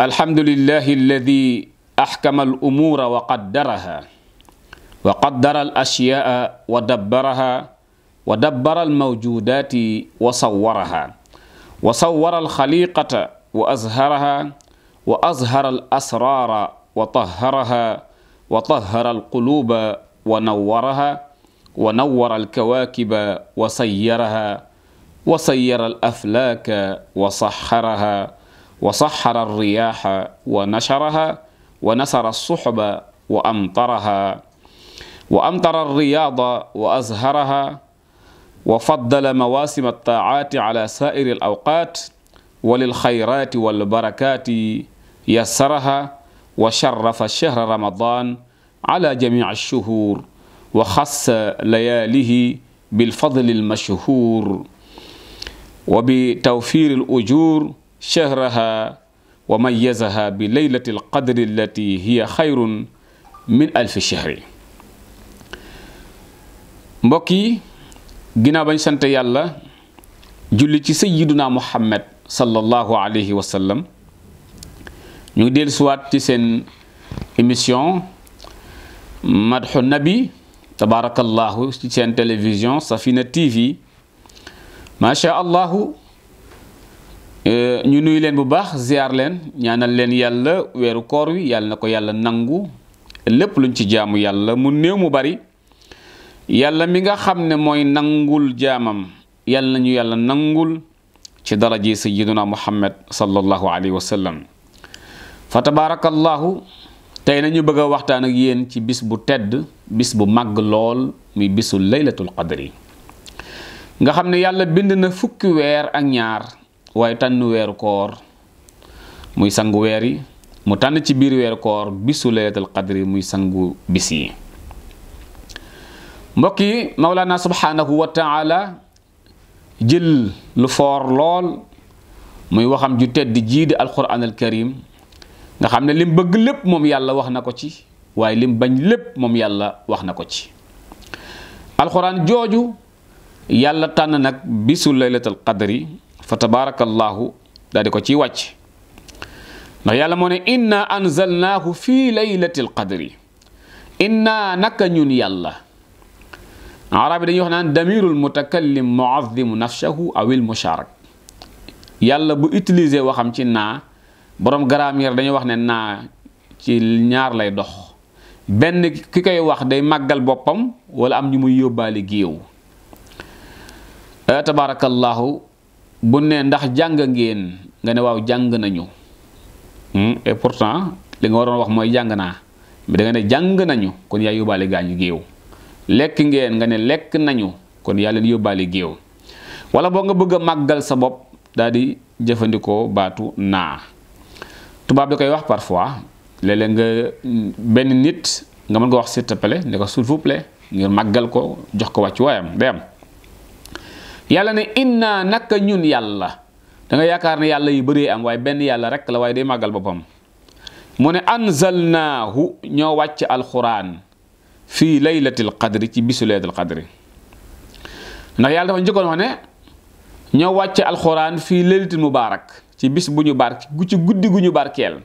alhamdulillahi alladi axkama alumuura wa qaddaraha wa qaddara al ashyaa wa dabbaraha wa dabbara almawjudaati wa sawwaraha wa sawwara alxaliqata wa azharaha wa azhara alasraara wa tahharaha wa tahhara alquluuba wa nawwaraha wa nawwara alkawaakiba wa sayyaraha wa sayyara alaflaaka wa saxaraha wa saxara alriyaaxa wa nasharaha wa nasara alsuxba wa amtaraha wa amtara alriyaada wa azharaha wa faddala mawaasim altaacaati cala saa'iri alawqaat wa lilxayraati walbarakaati yasaraha wa sharafa shahra ramadaan cala jamiici alshuhuur wa xassa layaalihi bilfadli almashhuur wa bitawfiiri alujuur shahraha wa mayyazaha bi alqadri allati hiya xayrun min alfi shahri mbokk yi ginnaaw bañ sant yàlla julli ci sayyiduna muhammad sallallahu alayhi wa sallam ñu ngi dellusiwaat ci seen émission madxu nabi tabaarakallahu ci seen télévision safina tv macha allahu Euh, ñu nuy leen bu baax ziar leen ñaanal leen yàlla weeru koor wi yàlla na ko yàlla nangu lépp luñ ci jaamu yàlla mu néew mu bari yàlla mi nga xam ne mooy nangul jaamam yàlla nañu yàlla nangul ci ji sayyiduna muhammad sallallahu alayhi wa sallam fa tabarakallahu tey nañu bëgg a waxtaan ak yéen ci bis bu tedd bis bu màgg lool muy bisu laylatul qadri nga xam ne yàlla bind na fukki weer ak ñaar waaye tànn weeru koor muy sangu weer yi mu tànn ci biir weeru koor bisu laylatul qadri muy sangu bis yi mbokk yi mawlaana subhanahu wa taala jël lu foor lool muy waxam ju tedd jii di alquran al karim nga xam ne lim bëgg lépp moom yàlla wax na ko ci waaye lim bañ lépp moom yàlla wax na ko ci alquran jooju yàlla tànn nag bisu laylatul qadri fa tabaarakallaahu daal di ko ciy wàcc ndax yàlla moo ne inna anzalnaahu fii laylatil qadri inna naka ñun yàlla arab yi dañuy wax naan damirul mutakallim muazzimu nafsahu awil musharak yàlla bu utiliser waxam ci naa borom grammaire dañuy wax ne naa ci ñaar lay dox benn ki koy wax day màggal boppam wala am ñu muy yóbbaale géew eh, tabaarakallaahu bu ne ndax jàng ngeen nga ne waaw jàng nañu hmm? et pourtant li nga waroon wax mooy jàng naa mais da nga ne jàng nañu kon yaa yóbbaale gaañu géew lekk ngeen nga ne lekk nañu kon yaa leen yóbbaale géew wala boo nga bëgg a màggal sa bopp daal di jëfandikoo baatu naa tubaab da koy wax parfois léeg-léeg nga benn nit nga mën ko wax s'il te ne ko s'il vous plaît ngir màggal ko jox ko wàccu waayam day yàlla ne inna naka ñun yàlla da yaakaar ne yàlla yu bëree am waaye benn yàlla rek la waaye day màggal boppam mu ne anzalnaahu ñoo wàcc alxuraan fii laylatil qadri ci bisu laylatil yàlla dafa njëkkoon ne ñoo wàcc alquran fii laylatil mubaarak ci bis bu ñu barke ci guddi gu ñu barkeel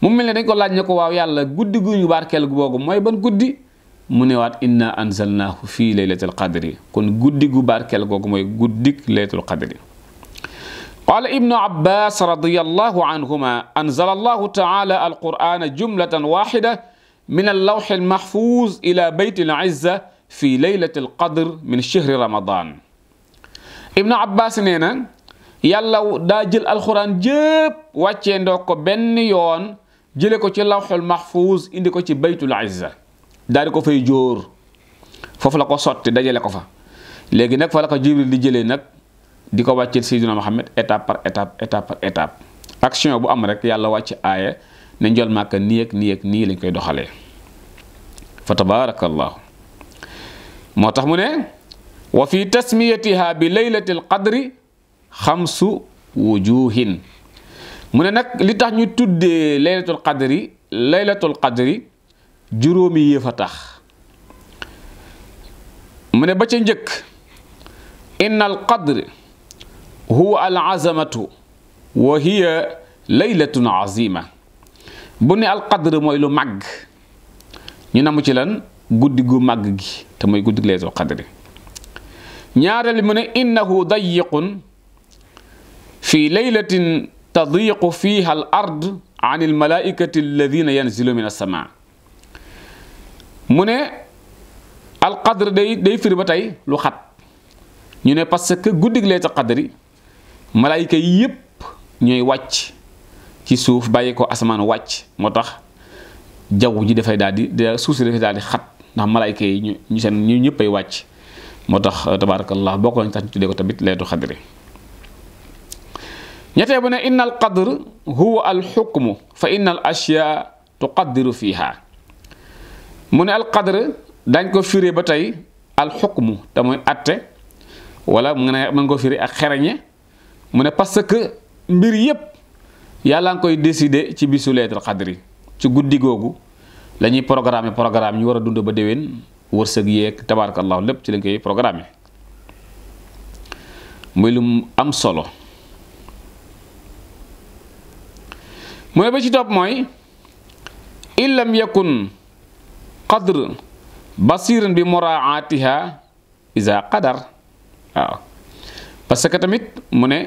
mu mel ne dañ ko laaj ne ko waaw yàlla guddi gu ñu barkeel googu mooy ban guddi mu newaat inna anzalnaahu fii laylatil qadri kon guddi gu barkeel googu mooy guddik laylatul qadri qaala ibnu abbas radiyallahu anhuma anzala allahu taala alqur'ana jumlatan waxida min allawxi almaxfuuz ila bayt alizza fi laylatil qadr min shahri ramadan ibnu abbas nee na yàlla daa jël alquran jépp wàccee ndoo ko benn yoon jële ko ci lawxul maxfuuz indi ko ci baytul izza daal di ko fay jóor foofu la ko sotti dajale ko fa léegi nag fa la ko jibril di jëlee nag di ko wàcceel Seydina Muhammad étape par étape étape par étape action bu am rek yàlla wàcc aaya ne njool màkka nii ak nii ak nii lañ koy doxalee fa tabarakallahu moo tax mu ne wa fi tasmiyatiha bi laylati l qadri xamsu wujuhin mu ne nag li tax ñu tuddee laylatul qadri laylatul qadri juróomi yëf a tax mu ne ba ca njëkk inna al qadr huwa al azamatu wa hiya laylatun azima bu ne al qadr mooy lu màgg ñu namu ci lan guddi gu màgg gi te mooy guddi laylatul qadri ñaareel mu ne innahu dayiqun fi laylatin tadiqu fiha al ard an al malaikati alladina yanzilu min alsama mu ne alqadr day day firi ba tey lu xat ñu ne parce que guddig laylatul qadri malaayika yi yépp ñooy wàcc ci suuf bàyyi ko asamaan wàcc moo tax jaww ji dafay daal di suuf si dafay daal di xat ndax malaayika yi ñu ñu seen ñu ñëpp ay wàcc moo tax euh, tabaarakallah boo ko lañ tax ñu tuddee ko tamit laylatul qadri ñettee bu ne inna al qadr huwa al xukmu fa inna al ashyaa tuqaddiru fiiha mu ne alqadr dañ ko firé ba tey alxukmu te muy atte wala mu ne mën ko firé ak xereñe mu ne parce que mbir yépp yàlla nga koy décider ci bisu laylatul qadri ci guddi googu lañuy ñuy programmer programme ñu war a dund ba déwén wërsëg yeeg tabarakallahu lépp ci lañ koy programmer muy lu am solo mu ne ba ci topp mooy illam yakun qadr basiran bi muraatiha isa qadar waaw parce que tamit mu ne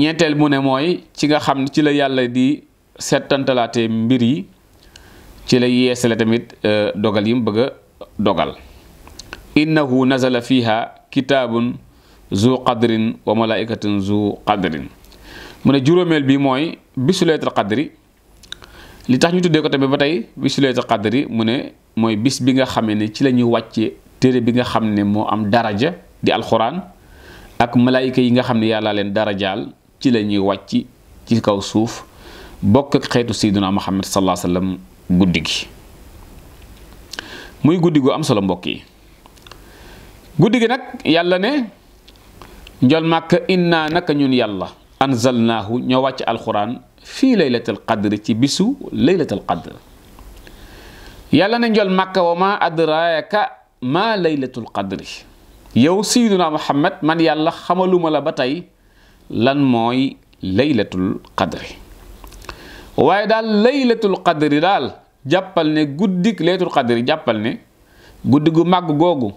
ñeenteel mu ne mooy ci nga xam ci la yàlla di settantalaate mbir yi ci la yeesale tamit euh, dogal yi mu bëgg a dogal innahu nazala fiha kitaabun zu qadrin wa malaikatin zu qadrin mu ne juróomeel bi mooy bisu laylatul qadri li tax ñu tuddee ko tamit ba tey bisu laylatul qadri mu ne mooy bis bi nga xamee ne ci la ñuy wàcce téere bi nga xam ne moo am daraja di alxuraan ak malaayika yi nga xam ne yàlla leen darajaal ci la ñuy wàcc ci kaw suuf bokk ak xeetu sayyiduna Muhammad sallallahu alayhi wasallam guddi gi muy guddi gu am solo mbokk yi guddi gi nag yàlla ne njol màkk inna naka ñun yàlla anzalnaahu ñoo wàcc alxuraan fii laylatul qadri ci bisu laylatul qadr yàlla na njol màkka wa ma adraaka ma laylatul qadri yow sayyiduna muhammad man yàlla xamaluma la ba tey lan mooy laylatul qadri waaye daal laylatul qadri daal jàppal ne guddik laylatul qadri jàppal ne guddi gu màgg googu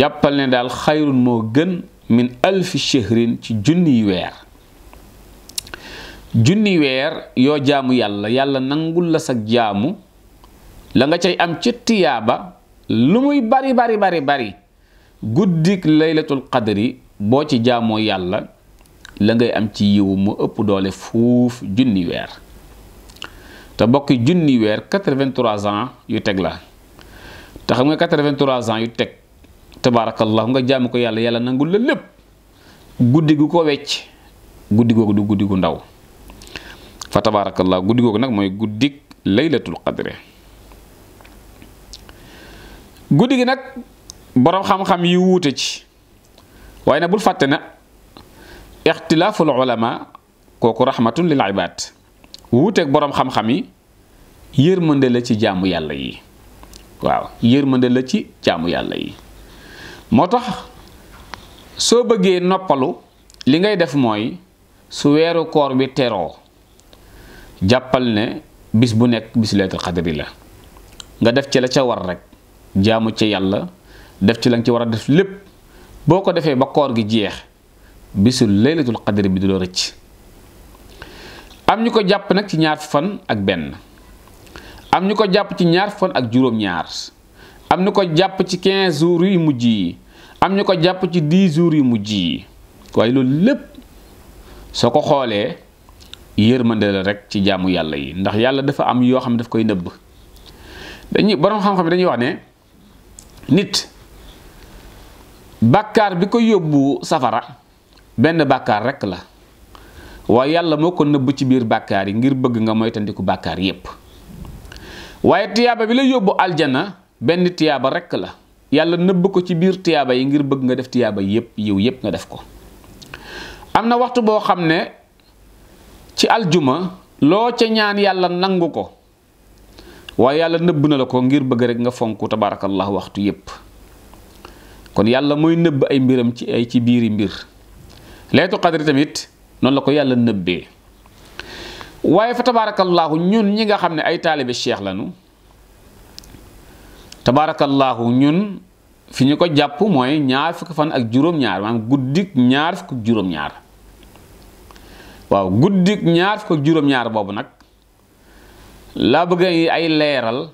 jàppal ne daal xayrun moo gën min alfi shahrin ci junniy weer junni weer yoo jaamu yàlla yàlla nangul la sag jaamu la nga cay am ci tiyaaba lu muy bari bari bari bari guddik laylatul qadri boo ci jaamoo yàlla la ngay am ci yiwu mu ëpp doole fuuf junni weer te bokki junni weer 83 ans yu teg la te xam nga 83 ans yu teg tabaarakallahu nga jaamu ko yàlla yàlla nangul la lépp guddi gu ko wecc guddi googu du guddi gu ndaw fa tabaarakallaa guddi googu nag mooy guddik laylatul qadre guddi gi nag boroom xam-xam yi wuute ci waaye nag bul fàtte na ixtilaaful ulama kooku rahmatun lil ibaad wuuteeg boroom xam-xam yi yërmande la ci jaamu yàlla yi waaw yërmande la ci jaamu yàlla yi moo tax soo bëggee noppalu li ngay def mooy su weeru koor bi teroo jàppal ne bis bu nekk bis laylatul xadri la nga def ci la ca war rek jaamu ci yàlla def ci la nga ci war a def lépp boo ko defee ba koor gi jeex bisu laylatul xadri bi du la rëcc am ñu ko jàpp nag ci ñaar fan ak benn am ñu ko jàpp ci ñaar fan ak juróom-ñaar am ñu ko jàpp ci 15 jours yu mujj yi am ñu ko jàpp ci 10 jours yu mujj yi waaye loolu lépp soo ko xoolee yërmande la rek ci jaamu yàlla yi ndax yàlla dafa am yoo xam ne daf koy nëbb dañuy borom xam-xam yi dañuy wax ne nit bàkkaar bi ko yóbbu safara benn bàkkaar rekk la waaye yàlla moo ko nëbb ci biir bàkkaar yi ngir bëgg nga moytandiku bàkkaar yépp waaye tiyaaba bi la yóbbu aljana benn tiyaaba rekk la yàlla nëbb ko ci biir tiyaaba yi ngir bëgg nga def tiyaaba yépp yiw yépp nga def ko am na waxtu boo xam ne ci aljuma loo ca ñaan yàlla nangu ko waaye yàlla nëbb na la ko ngir bëgg rekk nga fonku tabarakallah waxtu yépp kon yàlla mooy nëbb ay mbiram ci ay ci biiri mbir leetu qadri tamit noonu la ko yàlla nëbbee waaye fa tabarakallahu ñun ñi nga xam ne ay taalibe cheikh lañu tabarakallahu ñun fi ñu ko jàpp mooy ñaar fukki fan ak juróom-ñaar maanaam guddik ñaar fukki juróom-ñaar waaw guddik ñaar fukk ak juróom-ñaar boobu nag laa bëgg ay leeral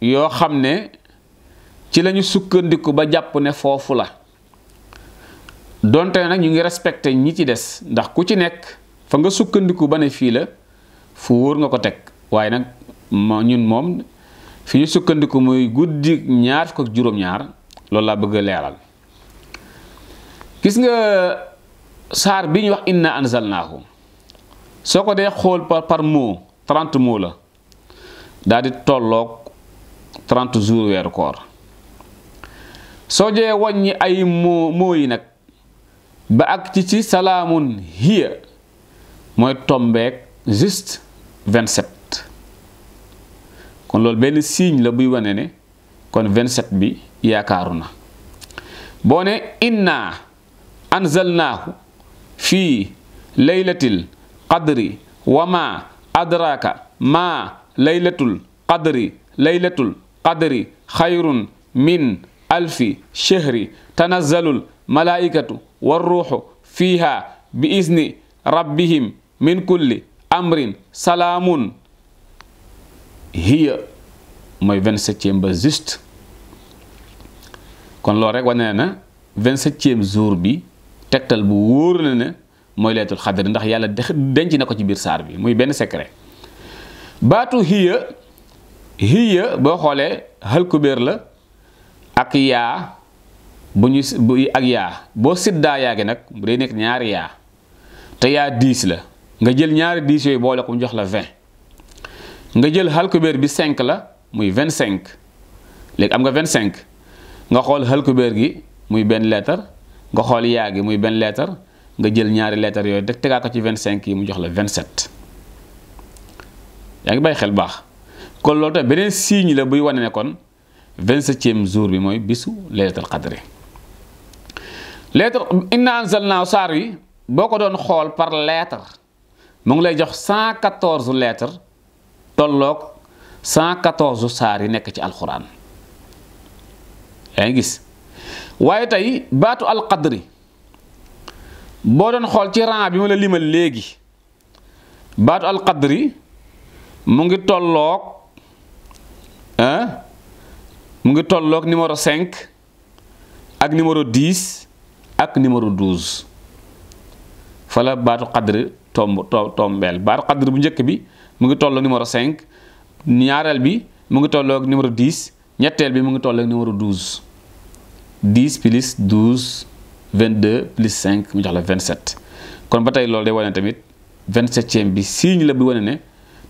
yoo xam ne ci lañu sukkandiku ba jàpp ne foofu la donte nag ñu ngi respecté ñi ci des ndax ku ci nekk fa nga sukkandiku ba ne fii la fu wóor nga ko teg waaye nag ñun moom fi ñu sukkandiku muy guddi ñaar fukk ak juróom-ñaar loolu laa bëgg a leeral gis nga saar bi ñu wax indi inna anzalnaahu soo ko dee xool par par mot trente mot la daal di tolloog jours weeru koor soo jee waññi ay moo moo nag ba ak ci ci salaamun hiya mooy tombeeg juste vingt sept kon loolu benn signe la buy wane ne kon vingt sept bi yaakaaru na boo ne inna anzalnaahu fii laylatil qadri wa ma adraka ma laylatul qadri laylatul qadri xayrun min alfi shehri tanazzalul malaikatu warruuxu fiiha bi izni rabbihim min kulli amrin salaamun hiya mooy vingt-septième ba juste kon loolu rek wane na vingt-septième jour bi tegtal bu wóor la ne mooy laylatul xadr ndax yàlla denc na ko ci biir saar bi muy benn secret baatu hiya hiya boo xoolee halkubéer la ak yaa bu ñu ak yaa boo siddaa yaa gi nag bu dee nekk ñaari yaa te yaa diis la nga jël ñaari diis yooyu boole ko mu jox la vingt nga jël halkubéer bi cinq la muy vingt cinq léegi am nga vingt cinq nga xool halkubéer gi muy benn leetar nga xool yaa gi muy benn leetar nga jël ñaari leetar yooyu rek tegaa ko ci cinq yi mu jox la 27 yaa ngi bàyyi xel baax kon loolu tamit beneen signe la buy wane ne kon 27eem jour bi mooy bisu laylatul qadri lettre inna anzalnaa saar wi boo ko doon xool par lettre mu ngi lay jox cent 114 lettres tolloog 114 saar yi nekk ci alxuraan yaa ngi gis waaye tey baatu alqadri boo doon xool ci rang bi ma la limal léegi baatu alqadri mu ngi tolloog ah mu ngi tollook numéro 5 ak numéro 10 ak numéro 12 fala baatu qadri tomb tombeel baatu qadri bu njëkk bi mu ngi tolloog numéro 5 ñaareel bi mu ngi tollook numéro 10 ñetteel bi mu ngi tolloog numéro 12 10 plus 22 plus 5 mu jox la 27 kon ba tey loolu day wane tamit 27eem bi signe la bi wane ne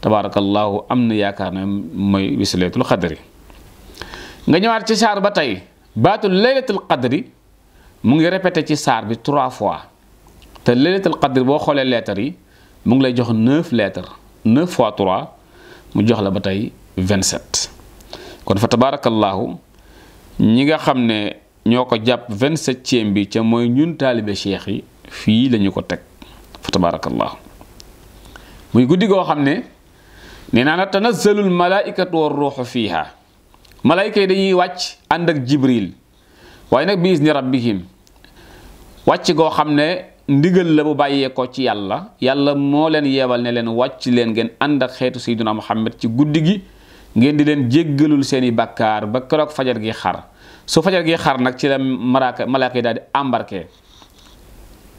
tabaarakallaahu am na yaakaar ne mooy wisilatul xadri nga ñëwaat ci saar ba tey baatu laylatul qadri mu ngi répété ci saar bi trois fois te laylatul qadri boo xoolee lettres yi mu ngi lay jox neuf lettres neuf fois trois mu jox la ba tey vingt-sept kon fa tabaarakallaahu ñi nga xam ne ñoo ko jàpp vingt-septième bi ca mooy ñun taalibe cheikh yi fii lañu ko teg fa tabarakallahu muy guddi goo xam ne nee naa na tanazzalul malaaikatu war ruuxu fiiha malaayika yi dañuy wàcc ànd ak jibril waaye nag biis ni rabbihim wàcc goo xam ne ndigal la bu bàyyeekoo ko ci yàlla yàlla moo leen yebal ne leen wàcc leen ngeen ànd ak xeetu sayyiduna muhammad ci guddi gi ngeen di leen jéggalul seeni bàkkaar ba keroog fajar gi xar su fajar gi xar nag ci la malaaka malaaka yi daal di embarqué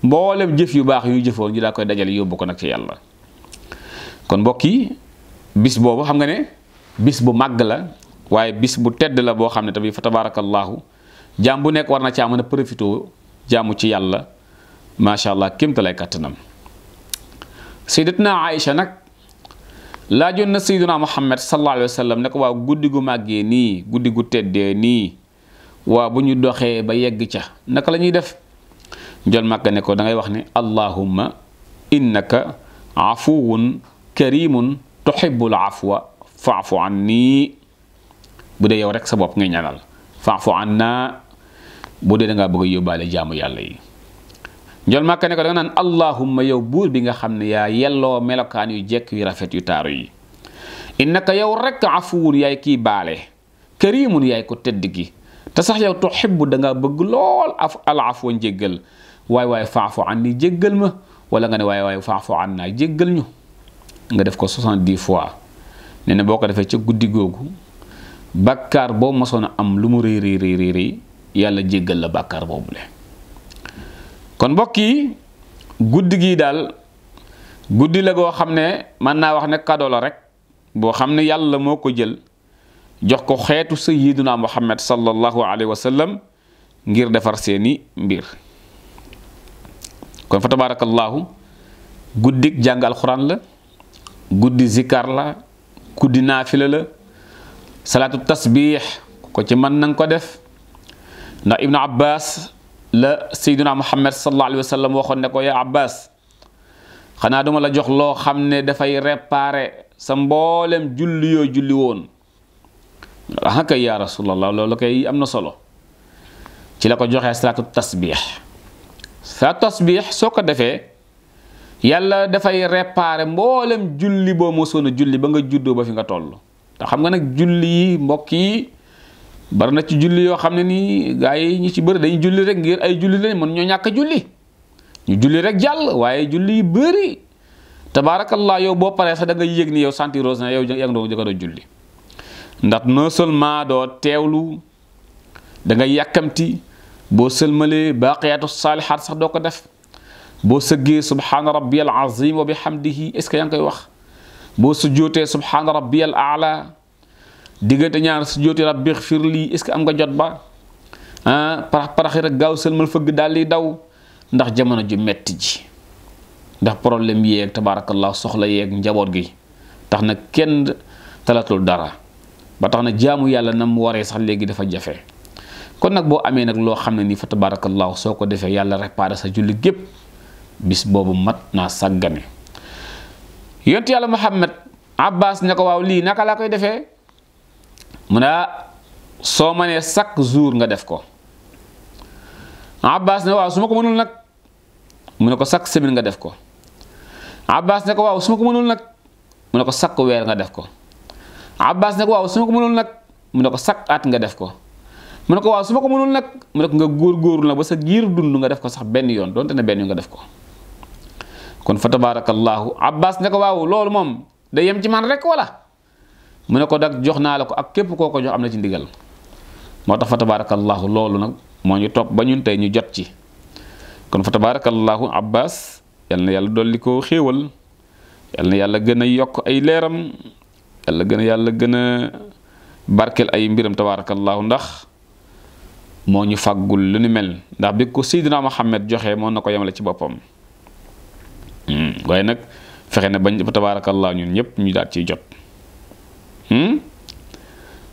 mboolem jëf yu baax yu jëfoon ñu daa koy dajale yóbbu ko nag ci yàlla kon mbokk yi bis boobu xam nga ne bis bu màgg la waaye bis bu tedd la boo xam ne tamit fa tabaarakallaahu jaam bu nekk war na caa mën a profité jaamu ci yàlla macha allah kéem kàttanam sayyidatuna Aïcha nag laajoon na sayyiduna Muhammad sallallahu alayhi wa ne ko waaw guddi gu màggee nii guddi gu teddee nii. waa bu ñu doxee ba yegg ca naka la ñuy def jol màgg ne ko da ngay wax ne allahumma innaka afuwun karimun tuhibbul afwa faafu anni bu dee yow rek sa bopp ngay ñaanal faafu anna bu dee da ngaa bëgg a yóbbaale jaamu yàlla yi njol màkka ne ko naan allahumma yow buur bi nga xam ne yaa yelloo melokaan yu jekk yu rafet yu taaru yi innaka yow rek afuwun yaay kii baale karimun yaay ko tëdd gi te sax yow tuhibbu da ngaa bëgg lool af al afwa njéggal waay waay faafu anni jéggal ma wala nga ne waaye waay faafu annaa jéggal ñu nga def ko 70 fois nee na boo ko defee ca guddi googu bàkkaar boo mosoon a am lu mu rëy rëy rëy yàlla jéggal la bakkaar boobu boobule kon mbokk yi guddi gii daal guddi la goo xam ne mën naa wax ne cadeau rek boo xam ne yàlla moo ko jël jox ko xeetu sayyiduna muhammad sallallahu alayhi wa sallam ngir defar seeni mbir kon fa tabaarakallaahu guddik jàng alxuraan la guddi zikar la guddi naafila la salaatu tasbiix ko ci mën nanga ko def ndax ibnu abbas la sayyiduna muhammad sallallahu alayhi wa sallam waxoon ne ko yaa abbas xanaa duma la jox loo xam ne dafay réparer sa mboolem julli yoo julli woon ah kay yaa rasulallah loolu kay am na solo ci la ko joxee salaatu tasbiix salaatu tasbiix soo ko defee yàlla dafay réparé mboolem julli boo mosoon a julli ba nga juddoo ba fi nga toll te xam nga nag julli yi mbokk yi bari na ci julli yoo xam ne nii gaa yi ñu ci bëri dañuy julli rek ngir ay julli lañ mën ñoo ñàkk julli ñu julli rek jàll waaye julli yi bëri tabaarakallah yow boo paree sax da nga yëg ni yow santi rose na yow yaa ngi doon julli. ndax non seulement doo teewlu da nga yàkkamti boo sëlmalee baaqiyaatu saalihaat sax doo ko def boo sëggee subhaana rabbiyal azim wa bihamdihi est ce que yaa koy wax boo sujjootee subhaana rabbiyal aala diggante ñaar sujjootee rabbi xfirli est ce que am nga jot ba ah parax paraxi rek gaaw sëlmal fëgg daal di daw ndax jamono ji metti ji ndax problème yeeg tabaarakallah soxla yeeg njaboot gi tax na kenn talatul dara. boo tax na jaamu yàlla na mu waree sax léegi dafa jafe kon nag boo amee nag loo xam ne nii fa tabaarakallaahu soo ko defee yàlla réparé sa julli gépp bis boobu mat naa sàggane yontu yàlla Muhammad Abbas ne ko waaw lii naka laa koy defee mu ne ah, soo mënee chaque jour nga def ko Abbas ne waaw su ma ko mënul nag mu ne ko chaque semaine nga def ko Abbas ne ko waaw su ma ko mënul nag mu ne ko chaque weer nga def ko. abbas ne ko waaw su ma ko mënul nag mu ne ko sak at nga def ko mu ne ko waaw su ma ko mënul nag mu ne ko nga góorgóorlu na ba sa giir dund nga def ko sax benn yoon doonte ne benn yoon nga def ko kon fa tabaarakallaahu abbas ne ko waaw loolu moom day yem ci man rek wala mu ne ko dag jox naa la ko ak képp koo ko jox am na ci ndigal moo tax fa tabaarakallaahu loolu nag moo ñu topp ba ñun tey ñu jot ci kon fa tabaarakallaahu abbas yal na yàlla dolli ko xéewal yal na yàlla gën a yokk ay leeram yàlla gën a gën a barkeel ay mbiram tabaarakallaahu ndax moo ñu fàggul lu ni mel ndax bi ko Seydina Muhammad joxe moo na ko yemale ci boppam hmm, waaye nag fexe na bañ tabaarakallaahu ñun ñëpp ñu daal ciy jot hmm?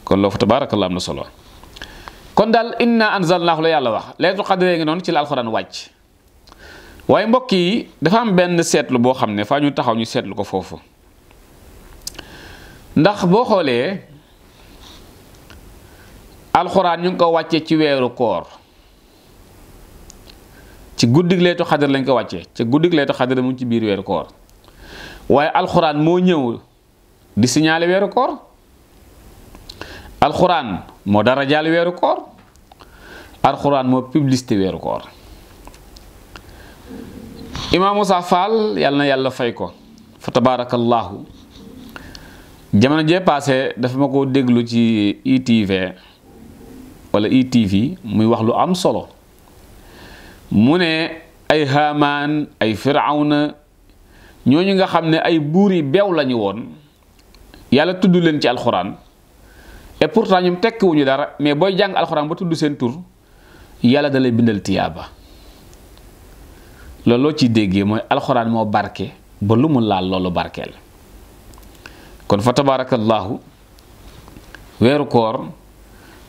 kon loo fa tabaarakallaahu am na solo kon daal inna anzalnaahu la yàlla wax laylatul qadr ngi noonu ci la alxuraan wàcc waaye mbokk yi dafa am benn seetlu boo xam ne faa ñu taxaw ñu seetlu ko foofu ndax boo xoolee alxuraan ñu ngi ko wàccee ci weeru koor ci guddig leetu xadar lañ ko wàccee ci guddig leetu xadar mu ci biir weeru koor waaye alxuraan moo ñëw di signaler weeru koor alxuraan moo dara jaal weeru koor alxuraan moo publicité weeru koor Imam Moussa Fall yàlla na yàlla fay ko fa tabaarakallaahu jamono jee paase dafa ma ko déglu ci ITV e wala ITV e muy wax lu am solo mu ne ay Haamaan ay Firawna ñooñu nga xam ne ay buur yi beew lañu woon yàlla tudd leen ci alxuraan et pourtant ñoom tekkiwuñu dara mais booy jàng alxuraan ba tudd seen tur yàlla da lay bindal tiyaaba looloo ci déggee mooy alxuraan moo barke ba lu mu laal loolu barkeel kon fa tabaarakallaahu weeru koor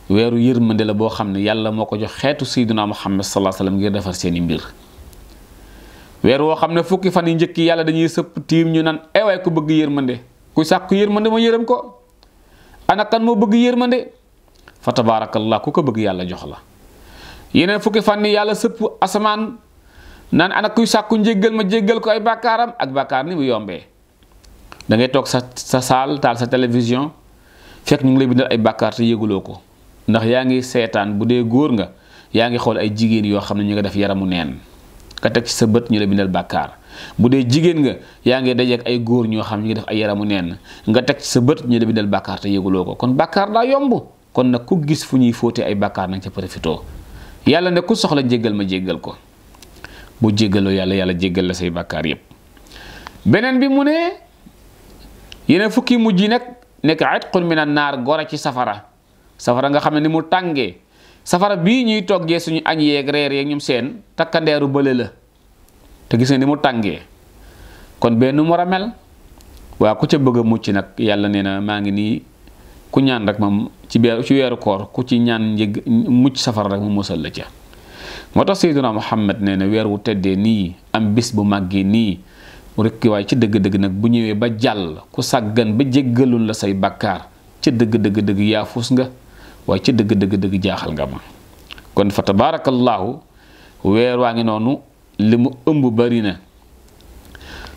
weeru yërmande la boo xam ne yàlla moo ko jox xeetu sayduna muhammad salaa sallam ngir defar seeni mbir weer woo xam ne fukki fan yi njëkk yàlla dañuy sëpp tiim ñu naan ewaay eh ku bëgg yërmande ku sàkku yërmande ma yërëm ko ana moo bëgg yërmande fa tabaarakallah ku ko bëgg yàlla jox la yeneen fukki fan yàlla sëpp asamaan naan ana kuy sàkku njéggal ma jéggal ko ay bàkkaaram ak bàkkaar ni mu yombee da ngay toog sa sa saal taal sa télévision fekk ñu ngi lay bindal ay bàkkaar te yëguloo ko ndax yaa ngi seetaan bu dee góor nga yaa ngi xool ay jigéen yoo xam ne ñu nga def yaramu neen ka teg ci sa bët ñu la bindal bàkkaar bu dee jigéen nga yaa ngi dajeek ay góor ñoo xam ñu ngi def ay yaramu neen nga teg ci sa bët ñu la bindal bàkkaar te yëguloo ko kon bàkkaar daa yomb kon nag ku gis fu ñuy fóotee ay bàkkaar nag ca profitoo yàlla nag ku soxla jéggal ma jéggal ko bu jéggaloo yàlla yàlla jéggal la say bàkkaar yépp beneen bi mu ne yeneen fukki mujj yi nag nekk atqun min an naar gora ci safara safara nga xam ni mu tàngee safara bii ñuy toggee suñu añ yeeg reer yeeg ñum seen takkandeeru bële la te gis nga ni mu tàngee kon benn mu ramel a waa ku ca bëgg a mucc nag yàlla nee na maa ngi nii ku ñaan rek moom ci beeru ci weeru koor ku ci ñaan njëg mucc safara rek mu musal la ca moo tax sayyiduna Muhammad nee na weer wu teddee nii am bis bu màggee nii rekki waaye ci dëgg-dëgg nag bu ñëwee ba jàll ku sàggan ba jéggalul la say bakkaar ca dëgg-dëgg-dëgg yaafus nga waaye ci dëgg-dëgg-dëgg jaaxal nga ma kon fa tabaarakallaahu weer waa ngi noonu li mu ëmb bari na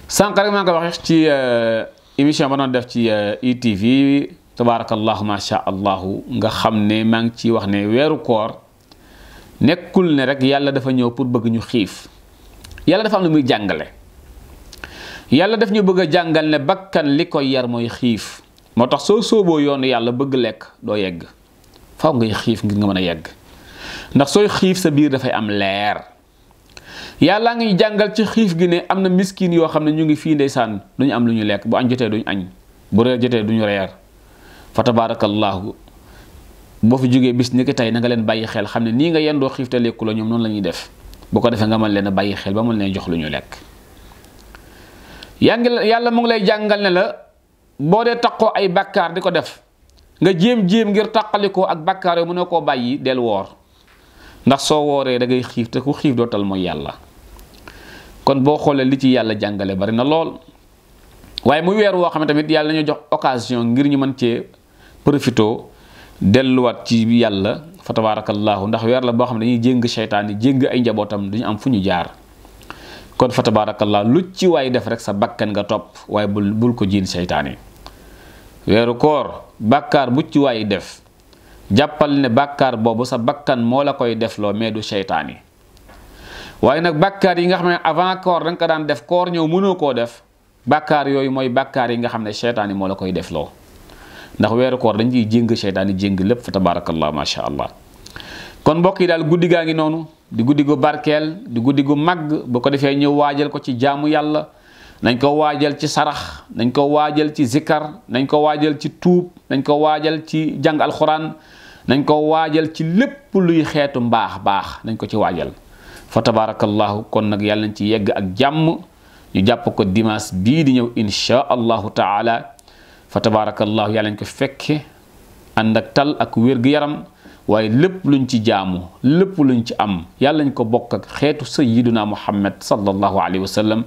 sànq rek maa ngi ko waxee ci euh, émission ba doon def ci ITV euh, e tabaarakallaahu macha allahu nga xam ne maa ngi ci wax ne weeru koor nekkul ne rek yàlla dafa ñëw pour bëgg ñu xiif yàlla dafa am lu muy jàngale yàlla daf ñu bëgg a jàngal ne bakkan li koy yar mooy xiif moo tax soo sooboo yoon yàlla bëgg lekk doo yegg faaw ngay xiif ngir nga mën a yegg ndax sooy xiif sa biir dafay am leer yàllaa ngi jàngal ci xiif gi ne am na miskin yoo xam ne ñu ngi fii ndeysaan duñu am lu ñu lekk bu añ jotee duñu añ bu reer jotee duñu reer fa tabaarakallaahu boo fi jógee bis ni ki tey na nga leen bàyyi xel xam ne nii nga yendoo xiif te lekku la ñoom noonu la ñuy def bu ko defee nga mën leen a ba mën leen jox lu ñu lekk yaa ngi yàlla mu ngi lay jàngale ne la boo dee taqoo ay bàkkaar di ko def nga jéem-jéem ngir tàqalikoo ak bàkkaar yoo mënoo koo bàyyi del woor ndax soo wooree da ngay xiif te ku xiif dootal mooy yàlla kon boo xoolee li ci yàlla jàngale bari na lool waaye mu weer woo xam ne tamit yàlla ñu jox occasion ngir ñu mën cee profito delluwaat ci yàlla fa tabaarakallaahu ndax weer la boo xam ne dañuy jéng seytaan yi ay njabootam duñu am fu ñu jaar kon fa tabaarakallaa lu ci waay def rek sa bakkan nga topp waaye bul bul ko jiin seytaane weeru koor bakkaar bu ci waay def jàppal ne bàkkaar boobu sa bakkan moo la koy defloo mais du seytaane waaye nag bakkaar yi nga xam ne avant koor danga ko daan def koor ñëw mënoo koo def bàkkaar yooyu mooy bàkkaar yi nga xam ne seytaane moo la koy defloo ndax weeru koor dañ ciy jéng seytaane jéng lépp fa tabaarakallaa macha allah kon mbokk daal guddi gaa ngi noonu di guddi gu barkeel di guddi gu màgg bu ko defee ñu waajal ko ci jaamu yàlla nañ ko waajal ci sarax nañ ko waajal ci zikkar nañ ko waajal ci tuub nañ ko waajal ci jàng alxuraan nañ ko waajal ci lépp luy xeetu mbaax baax nañ ko ci waajal fa tabarakallahu kon nag yàlla nañ ci yegg ak jàmm ñu jàpp ko dimanche bii di ñëw insha allahu taala fa tabarakallahu yàlla nañ ko fekke ànd ak tal ak wér gi yaram waaye lépp luñ ci jaamu lépp lu luñ ci am yàlla ñu ko bokk ak xeetu sayyiduna muhammad sallallahu alayhi wa sallam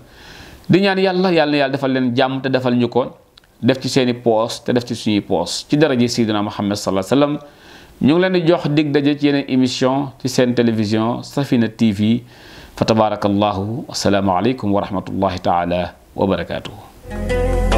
di ñaan yàlla yàlla yàlla defal leen jàmm te defal ñu ko def ci seeni poos te def ci suñuy poos ci daraje sayyiduna muhammad sallallahu alayhi wa sallam ñu ngi leen di jox dig daje ci yeneen émission ci seen télévision Safina TV fa tabaarakallahu assalaamu aleykum wa rahmatullahi taala wa barakaatuhu